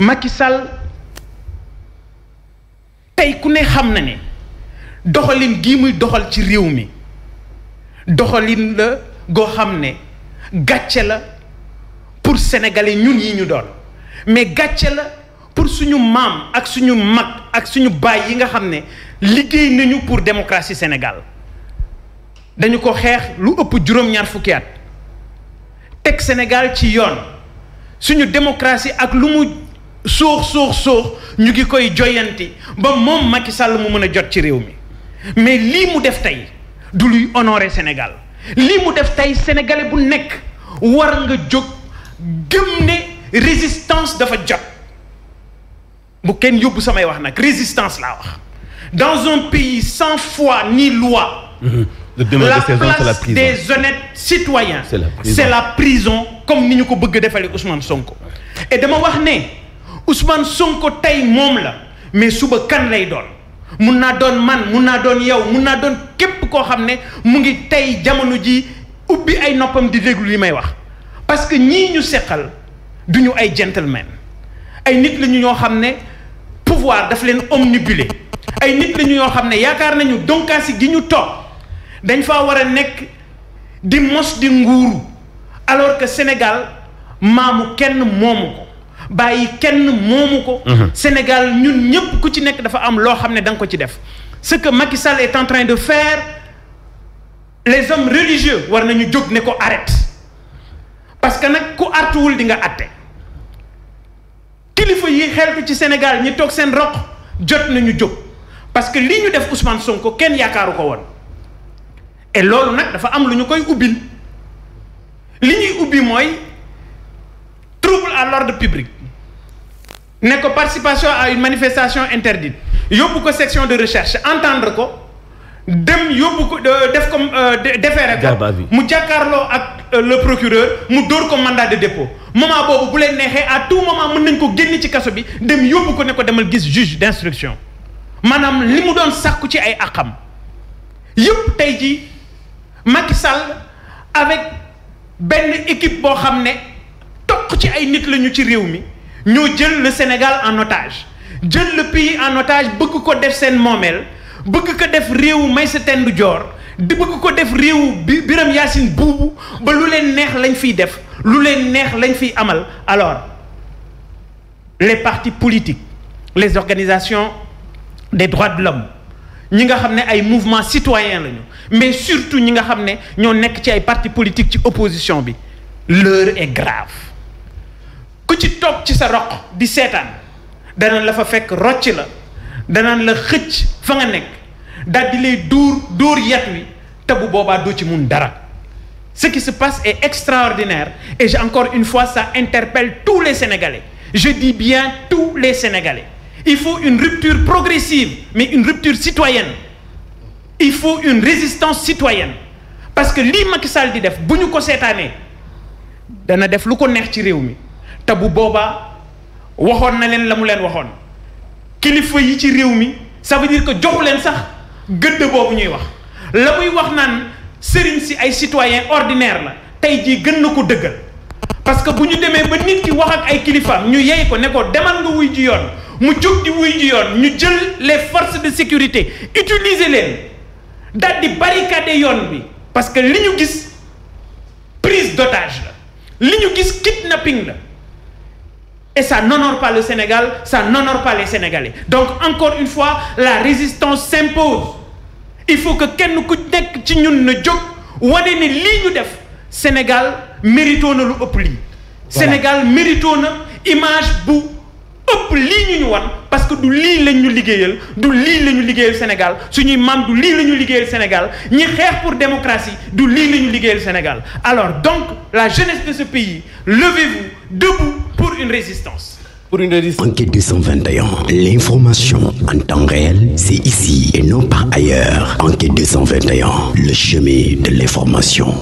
Macky Sall tey ku ne xam na ne doxalin gi muy doxal ci réew mi doxalin la goo xam ne gàcce la pour sénégalais ñun yi ñu doon mais gàcce la pour suñu maam ak suñu mag ak suñu baay yi nga xam ne liggéey nañu pour démocratie Sénégal dañu ko xeex lu ëpp juróom-ñaar fukki teg Sénégal ci yoon suñu démocratie ak lu mu suux suux suux ñu ngi koy joyanti ba moom Macky Sall mu mën a jot ci réew mi mais lii mu def tey du luy honorer Sénégal lii mu def tey sénégalais bu nekk war nga jóg gëm ne résistance dafa jot bu kenn yóbbu samay wax nag résistance laa wax dans un pays sans fois ni loi. Mhm. la place des honnêtes citoyens c'est la prison comme ni ñu ko bëgg defalee Ousmane Sonko et dama wax ne Ousmane Sonko tey moom la mais suba kan lay doon mun naa doon man mun naa doon yow mun naa doon képp koo xam ne mu ngi tey jamono ji ubbi ay noppam di déglu li may wax parce que ñii ñu seqal du ñu ay gentleman ay nit lañu ñoo xam ne pouvoir daf leen omnibuler ay nit la ñoo xam ne yaakaar nañu donkaasi gi ñu toog dañ faa war a nekk di mos di nguuru alors que Sénégal maamu kenn moomu ko bàyyi kenn moomu ko. Mhm. Sénégal ñun ñëpp ku ci nekk dafa am loo xam ne danga ko ci def. ce que Macky Sall est en train de faire les hommes religieux war nañu jóg ne ko arrête parce que nag ku artuwul di nga àtte kilifa yi xeltu ci Sénégal ñi toog seen roq jot na ñu jóg parce que lii ñu def Ousmane Sonko kenn yaakaaru ko woon. et loolu nag dafa am lu ñu koy ubbil li ñuy ubbi mooy trouble à l'ordre public ne ko participation à une manifestation interdite yóbbu ko section de recherche entendre ko dem yóbbu ko def ko euh, defeere ko mu jàkkaarloo ak euh, le procureur mu dóor ko mandat de dépôt moment boobu bu leen neexee à tout moment mën nañ ko génn ci kaso bi dem yóbbu ko ne ko demal gis juge d'instruction maanaam li mu doon sàkku ci ay àqam yëpp tey jii Macky Sall avec benn équipe boo xam ne toq ci ay nit lañu ci réew mi ñoo jël le Sénégal en otage jël le pays en otage bëgg ko def seen moomeel bëgg ko def réewu Maysa Tend Joor di bëgg ko def réew bi Biram Yaasin buubu ba lu leen neex lañ fiy def lu leen neex lañu fiy amal alors les partis politiques les organisations des droits de l'homme ñi nga xam ne ay mouvement citoyen lañu mais surtout ñi nga xam ne ñoo nekk ci ay parti politique ci opposition bi l'heure est grave ku ci toog ci sa roq di seetaan danaan la fa fekk rocc la danaan la xëcc fa nga nekk daal di lay dóor dóor yat wi te bu boobaa doo ci mun dara ce qui se passe est extraordinaire et j'ai encore une fois ça interpelle tous les Sénégalais je dis bien tous les Sénégalais Il faut une rupture progressive, mais une rupture citoyenne. Il faut une résistance citoyenne. Parce que lii Macky Sall di def bu ñu ko seetaanee dana def lu ko neex ci réew mi te bu boobaa waxoon na leen la mu leen waxoon kilifa yi ci réew mi ça veut dire que joxu leen sax gëdd boobu ñuy wax la muy wax naan sëriñ si ay citoyen ordinaire la tey jii gën na ko dëggal parce que bu ñu demee ba nit ki wax ak ay kilifaam ñu yey ko ne ko demal nga wuy ji yoon mu jóg di wuy ji yoon ñu jël les forces de sécurité utiliser leen daal di barricader yoon bi parce que li ñu gis prise d'otage la li ñu gis kidnapping la et ça n'honore pas le Sénégal ça n'honore pas les Sénégalais donc encore une fois la résistance s'impose il faut que kenn ku nekk ci ñun na jóg wane ne lii ñu def Sénégal mérito na lu ëpp lii Sénégal mérito na image bu ëpp lii ñu ñu wan parce que du lii la ñu liggéeyal du lii la ñu liggéeyal Sénégal suñuy maam du lii la ñu liggéeyal Sénégal ñi xeex pour démocratie du lii la ñu liggéeyal Sénégal alors donc la jeunesse de ce pays levez-vous debout pour une résistance pour une résistance Enquête 221 l'information en temps réel c'est ici et non pas ailleurs Enquête 221 le chemin de l'information